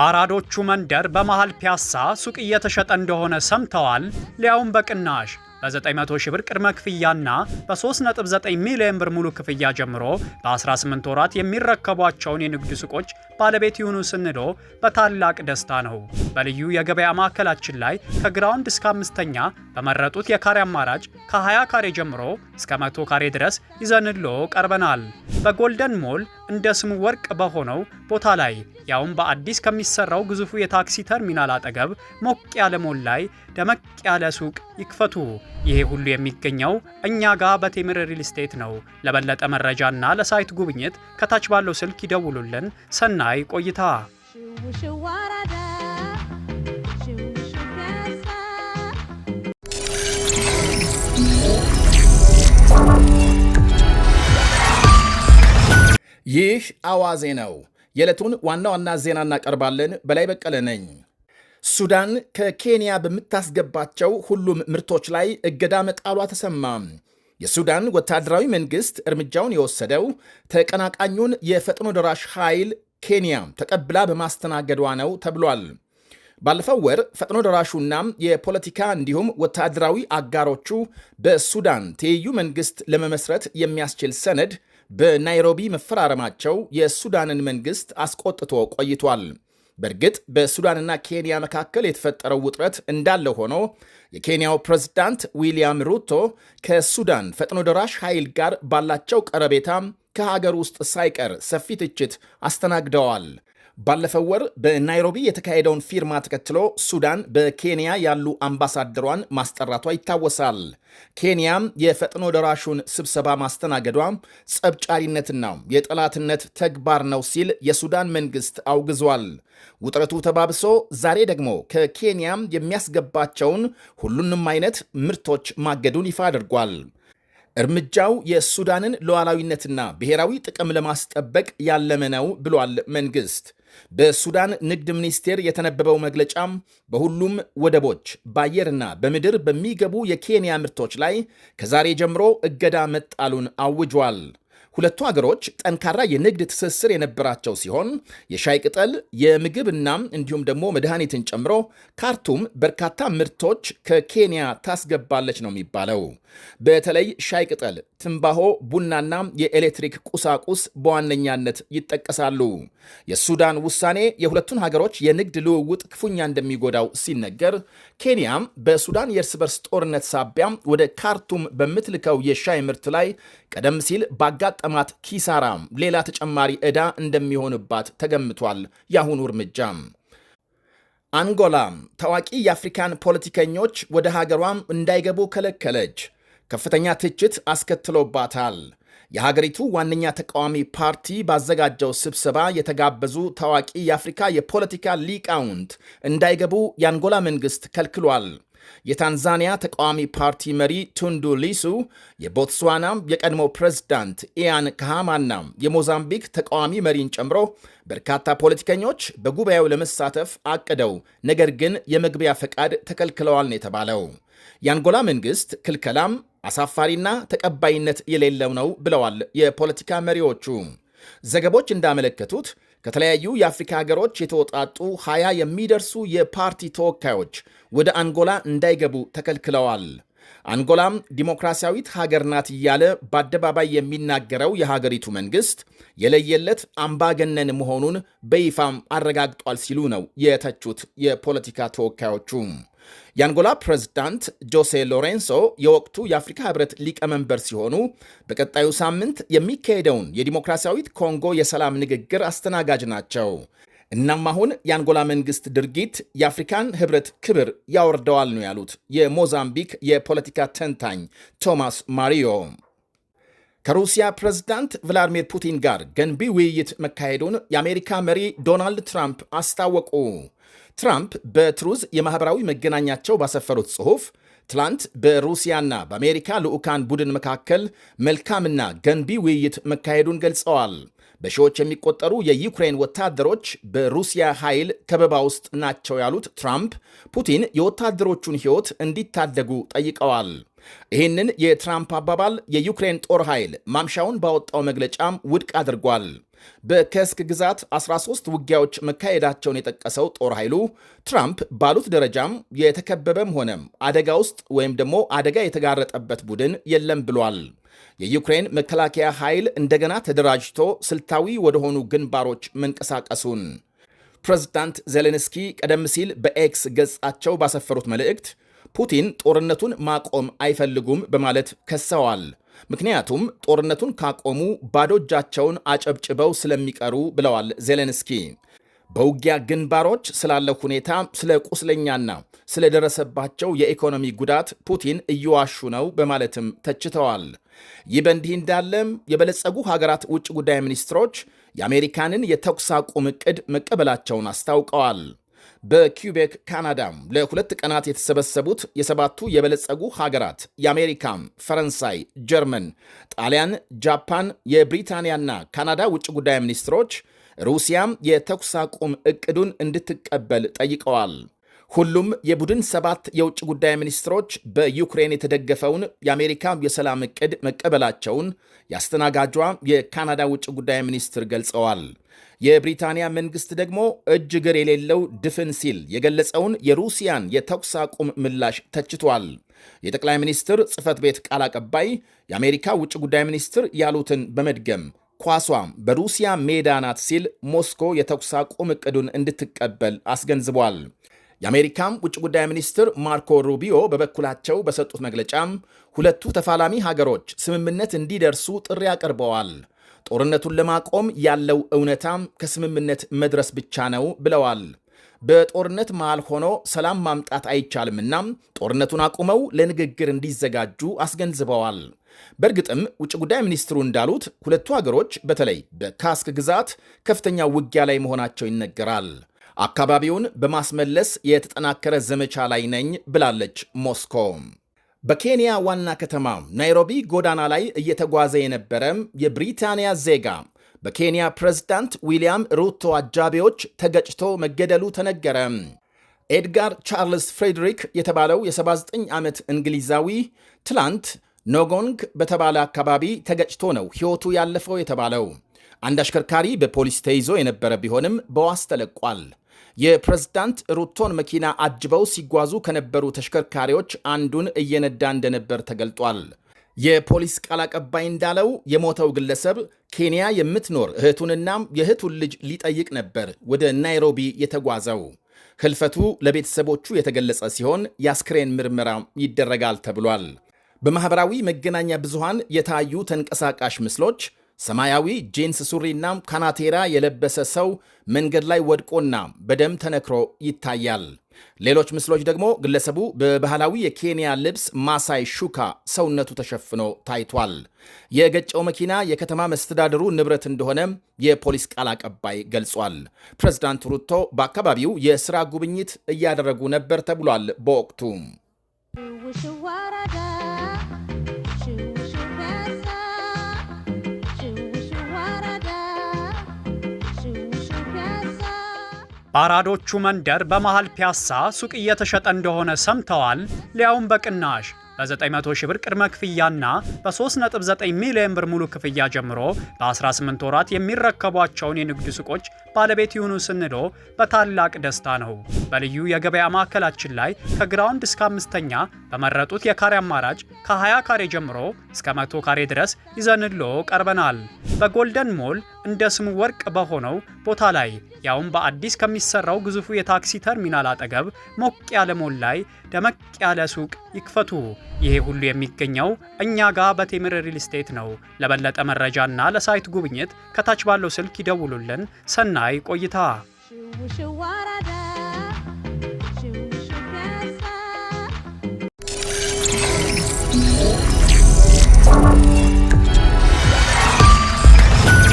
ባራዶቹ መንደር በመሃል ፒያሳ ሱቅ እየተሸጠ እንደሆነ ሰምተዋል? ሊያውም በቅናሽ በ900 ሺህ ብር ቅድመ ክፍያና በ3.9 ሚሊዮን ብር ሙሉ ክፍያ ጀምሮ በ18 ወራት የሚረከቧቸውን የንግድ ሱቆች ባለቤት ይሁኑ ስንሎ በታላቅ ደስታ ነው። በልዩ የገበያ ማዕከላችን ላይ ከግራውንድ እስከ አምስተኛ በመረጡት የካሬ አማራጭ ከ20 ካሬ ጀምሮ እስከ መቶ ካሬ ድረስ ይዘንሎ ቀርበናል። በጎልደን ሞል እንደ ስሙ ወርቅ በሆነው ቦታ ላይ ያውም በአዲስ ከሚሰራው ግዙፉ የታክሲ ተርሚናል አጠገብ ሞቅ ያለ ሞል ላይ ደመቅ ያለ ሱቅ ይክፈቱ። ይሄ ሁሉ የሚገኘው እኛ ጋር በቴምር ሪል ስቴት ነው። ለበለጠ መረጃና ለሳይት ጉብኝት ከታች ባለው ስልክ ይደውሉልን። ሰና ሰናይ ቆይታ። ይህ አዋዜ ነው። የዕለቱን ዋና ዋና ዜና እናቀርባለን። በላይ በቀለ ነኝ። ሱዳን ከኬንያ በምታስገባቸው ሁሉም ምርቶች ላይ እገዳ መጣሏ ተሰማ። የሱዳን ወታደራዊ መንግሥት እርምጃውን የወሰደው ተቀናቃኙን የፈጥኖ ደራሽ ኃይል ኬንያ ተቀብላ በማስተናገዷ ነው ተብሏል። ባለፈው ወር ፈጥኖ ደራሹና የፖለቲካ እንዲሁም ወታደራዊ አጋሮቹ በሱዳን ትይዩ መንግስት ለመመስረት የሚያስችል ሰነድ በናይሮቢ መፈራረማቸው የሱዳንን መንግስት አስቆጥቶ ቆይቷል። በእርግጥ በሱዳንና ኬንያ መካከል የተፈጠረው ውጥረት እንዳለ ሆኖ የኬንያው ፕሬዝዳንት ዊልያም ሩቶ ከሱዳን ፈጥኖ ደራሽ ኃይል ጋር ባላቸው ቀረቤታ ከሀገር ውስጥ ሳይቀር ሰፊ ትችት አስተናግደዋል። ባለፈው ወር በናይሮቢ የተካሄደውን ፊርማ ተከትሎ ሱዳን በኬንያ ያሉ አምባሳደሯን ማስጠራቷ ይታወሳል። ኬንያም የፈጥኖ ደራሹን ስብሰባ ማስተናገዷ ጸብጫሪነትና የጠላትነት ተግባር ነው ሲል የሱዳን መንግስት አውግዟል። ውጥረቱ ተባብሶ ዛሬ ደግሞ ከኬንያም የሚያስገባቸውን ሁሉንም አይነት ምርቶች ማገዱን ይፋ አድርጓል። እርምጃው የሱዳንን ሉዓላዊነትና ብሔራዊ ጥቅም ለማስጠበቅ ያለመ ነው ብሏል መንግስት። በሱዳን ንግድ ሚኒስቴር የተነበበው መግለጫም በሁሉም ወደቦች በአየርና በምድር በሚገቡ የኬንያ ምርቶች ላይ ከዛሬ ጀምሮ እገዳ መጣሉን አውጇል። ሁለቱ ሀገሮች ጠንካራ የንግድ ትስስር የነበራቸው ሲሆን የሻይ ቅጠል፣ የምግብና እንዲሁም ደግሞ መድኃኒትን ጨምሮ ካርቱም በርካታ ምርቶች ከኬንያ ታስገባለች ነው የሚባለው። በተለይ ሻይ ቅጠል፣ ትንባሆ፣ ቡናና የኤሌክትሪክ ቁሳቁስ በዋነኛነት ይጠቀሳሉ። የሱዳን ውሳኔ የሁለቱን ሀገሮች የንግድ ልውውጥ ክፉኛ እንደሚጎዳው ሲነገር፣ ኬንያም በሱዳን የእርስ በርስ ጦርነት ሳቢያ ወደ ካርቱም በምትልከው የሻይ ምርት ላይ ቀደም ሲል ባጋጠ የገጠማት ኪሳራ ሌላ ተጨማሪ ዕዳ እንደሚሆንባት ተገምቷል። የአሁኑ እርምጃ አንጎላ ታዋቂ የአፍሪካን ፖለቲከኞች ወደ ሀገሯም እንዳይገቡ ከለከለች። ከፍተኛ ትችት አስከትሎባታል። የሀገሪቱ ዋነኛ ተቃዋሚ ፓርቲ ባዘጋጀው ስብሰባ የተጋበዙ ታዋቂ የአፍሪካ የፖለቲካ ሊቃውንት እንዳይገቡ የአንጎላ መንግሥት ከልክሏል። የታንዛኒያ ተቃዋሚ ፓርቲ መሪ ቱንዱ ሊሱ፣ የቦትስዋና የቀድሞ ፕሬዝዳንት ኢያን ካሃማና የሞዛምቢክ ተቃዋሚ መሪን ጨምሮ በርካታ ፖለቲከኞች በጉባኤው ለመሳተፍ አቅደው ነገር ግን የመግቢያ ፈቃድ ተከልክለዋል ነው የተባለው። የአንጎላ መንግስት ክልከላም አሳፋሪና ተቀባይነት የሌለው ነው ብለዋል የፖለቲካ መሪዎቹ። ዘገቦች እንዳመለከቱት ከተለያዩ የአፍሪካ ሀገሮች የተወጣጡ ሀያ የሚደርሱ የፓርቲ ተወካዮች ወደ አንጎላ እንዳይገቡ ተከልክለዋል። አንጎላም ዲሞክራሲያዊት ሀገር ናት እያለ በአደባባይ የሚናገረው የሀገሪቱ መንግስት የለየለት አምባገነን መሆኑን በይፋም አረጋግጧል ሲሉ ነው የተቹት የፖለቲካ ተወካዮቹ። የአንጎላ ፕሬዝዳንት ጆሴ ሎሬንሶ የወቅቱ የአፍሪካ ህብረት ሊቀመንበር ሲሆኑ በቀጣዩ ሳምንት የሚካሄደውን የዲሞክራሲያዊት ኮንጎ የሰላም ንግግር አስተናጋጅ ናቸው። እናም አሁን የአንጎላ መንግስት ድርጊት የአፍሪካን ህብረት ክብር ያወርደዋል ነው ያሉት የሞዛምቢክ የፖለቲካ ተንታኝ ቶማስ ማሪዮ። ከሩሲያ ፕሬዝዳንት ቭላዲሚር ፑቲን ጋር ገንቢ ውይይት መካሄዱን የአሜሪካ መሪ ዶናልድ ትራምፕ አስታወቁ። ትራምፕ በትሩዝ የማኅበራዊ መገናኛቸው ባሰፈሩት ጽሑፍ ትላንት በሩሲያና በአሜሪካ ልዑካን ቡድን መካከል መልካምና ገንቢ ውይይት መካሄዱን ገልጸዋል። በሺዎች የሚቆጠሩ የዩክሬን ወታደሮች በሩሲያ ኃይል ከበባ ውስጥ ናቸው ያሉት ትራምፕ ፑቲን የወታደሮቹን ሕይወት እንዲታደጉ ጠይቀዋል። ይህንን የትራምፕ አባባል የዩክሬን ጦር ኃይል ማምሻውን ባወጣው መግለጫም ውድቅ አድርጓል። በከስክ ግዛት 13 ውጊያዎች መካሄዳቸውን የጠቀሰው ጦር ኃይሉ ትራምፕ ባሉት ደረጃም የተከበበም ሆነም አደጋ ውስጥ ወይም ደግሞ አደጋ የተጋረጠበት ቡድን የለም ብሏል። የዩክሬን መከላከያ ኃይል እንደገና ተደራጅቶ ስልታዊ ወደሆኑ ግንባሮች መንቀሳቀሱን ፕሬዝዳንት ዜሌንስኪ ቀደም ሲል በኤክስ ገጻቸው ባሰፈሩት መልእክት ፑቲን ጦርነቱን ማቆም አይፈልጉም በማለት ከሰዋል። ምክንያቱም ጦርነቱን ካቆሙ ባዶ እጃቸውን አጨብጭበው ስለሚቀሩ ብለዋል ዜሌንስኪ። በውጊያ ግንባሮች ስላለው ሁኔታ፣ ስለ ቁስለኛና ስለደረሰባቸው የኢኮኖሚ ጉዳት ፑቲን እየዋሹ ነው በማለትም ተችተዋል። ይህ በእንዲህ እንዳለም የበለጸጉ ሀገራት ውጭ ጉዳይ ሚኒስትሮች የአሜሪካንን የተኩስ አቁም ዕቅድ መቀበላቸውን አስታውቀዋል። በኪውቤክ ካናዳ ለሁለት ቀናት የተሰበሰቡት የሰባቱ የበለጸጉ ሀገራት የአሜሪካ፣ ፈረንሳይ፣ ጀርመን፣ ጣሊያን፣ ጃፓን፣ የብሪታንያና ካናዳ ውጭ ጉዳይ ሚኒስትሮች ሩሲያም የተኩስ አቁም እቅዱን እንድትቀበል ጠይቀዋል። ሁሉም የቡድን ሰባት የውጭ ጉዳይ ሚኒስትሮች በዩክሬን የተደገፈውን የአሜሪካ የሰላም እቅድ መቀበላቸውን የአስተናጋጇ የካናዳ ውጭ ጉዳይ ሚኒስትር ገልጸዋል። የብሪታንያ መንግስት ደግሞ እጅ እግር የሌለው ድፍን ሲል የገለጸውን የሩሲያን የተኩስ አቁም ምላሽ ተችቷል። የጠቅላይ ሚኒስትር ጽህፈት ቤት ቃል አቀባይ የአሜሪካ ውጭ ጉዳይ ሚኒስትር ያሉትን በመድገም ኳሷ በሩሲያ ሜዳ ናት ሲል ሞስኮ የተኩስ አቁም እቅዱን እንድትቀበል አስገንዝቧል። የአሜሪካም ውጭ ጉዳይ ሚኒስትር ማርኮ ሩቢዮ በበኩላቸው በሰጡት መግለጫም ሁለቱ ተፋላሚ ሀገሮች ስምምነት እንዲደርሱ ጥሪ አቅርበዋል። ጦርነቱን ለማቆም ያለው እውነታም ከስምምነት መድረስ ብቻ ነው ብለዋል። በጦርነት መሃል ሆኖ ሰላም ማምጣት አይቻልምና ጦርነቱን አቁመው ለንግግር እንዲዘጋጁ አስገንዝበዋል። በእርግጥም ውጭ ጉዳይ ሚኒስትሩ እንዳሉት ሁለቱ ሀገሮች በተለይ በካስክ ግዛት ከፍተኛ ውጊያ ላይ መሆናቸው ይነገራል። አካባቢውን በማስመለስ የተጠናከረ ዘመቻ ላይ ነኝ ብላለች ሞስኮ። በኬንያ ዋና ከተማ ናይሮቢ ጎዳና ላይ እየተጓዘ የነበረ የብሪታንያ ዜጋ በኬንያ ፕሬዝዳንት ዊልያም ሩቶ አጃቢዎች ተገጭቶ መገደሉ ተነገረ። ኤድጋር ቻርልስ ፍሬድሪክ የተባለው የ79 ዓመት እንግሊዛዊ ትላንት ኖጎንግ በተባለ አካባቢ ተገጭቶ ነው ሕይወቱ ያለፈው የተባለው። አንድ አሽከርካሪ በፖሊስ ተይዞ የነበረ ቢሆንም በዋስ ተለቋል። የፕሬዝዳንት ሩቶን መኪና አጅበው ሲጓዙ ከነበሩ ተሽከርካሪዎች አንዱን እየነዳ እንደነበር ተገልጧል። የፖሊስ ቃል አቀባይ እንዳለው የሞተው ግለሰብ ኬንያ የምትኖር እህቱንና የእህቱን ልጅ ሊጠይቅ ነበር ወደ ናይሮቢ የተጓዘው። ህልፈቱ ለቤተሰቦቹ የተገለጸ ሲሆን የአስክሬን ምርመራ ይደረጋል ተብሏል። በማኅበራዊ መገናኛ ብዙሃን የታዩ ተንቀሳቃሽ ምስሎች ሰማያዊ ጂንስ ሱሪና ካናቴራ የለበሰ ሰው መንገድ ላይ ወድቆና በደም ተነክሮ ይታያል። ሌሎች ምስሎች ደግሞ ግለሰቡ በባህላዊ የኬንያ ልብስ ማሳይ ሹካ ሰውነቱ ተሸፍኖ ታይቷል። የገጨው መኪና የከተማ መስተዳድሩ ንብረት እንደሆነ የፖሊስ ቃል አቀባይ ገልጿል። ፕሬዚዳንት ሩቶ በአካባቢው የስራ ጉብኝት እያደረጉ ነበር ተብሏል። በወቅቱ ባራዶቹ መንደር በመሃል ፒያሳ ሱቅ እየተሸጠ እንደሆነ ሰምተዋል? ሊያውም በቅናሽ በ900 ሺህ ብር ቅድመ ክፍያና በ3.9 ሚሊዮን ብር ሙሉ ክፍያ ጀምሮ በ18 ወራት የሚረከቧቸውን የንግድ ሱቆች ባለቤት ይሁኑ ስንሎ በታላቅ ደስታ ነው። በልዩ የገበያ ማዕከላችን ላይ ከግራውንድ እስከ አምስተኛ በመረጡት የካሬ አማራጭ ከ20 ካሬ ጀምሮ እስከ 100 ካሬ ድረስ ይዘንሎ ቀርበናል። በጎልደን ሞል እንደ ስሙ ወርቅ በሆነው ቦታ ላይ ያውም በአዲስ ከሚሰራው ግዙፉ የታክሲ ተርሚናል አጠገብ ሞቅ ያለ ሞል ላይ ደመቅ ያለ ሱቅ ይክፈቱ። ይሄ ሁሉ የሚገኘው እኛ ጋር በቴምር ሪል ስቴት ነው። ለበለጠ መረጃና ለሳይት ጉብኝት ከታች ባለው ስልክ ይደውሉልን። ሰናይ ላይ ቆይታ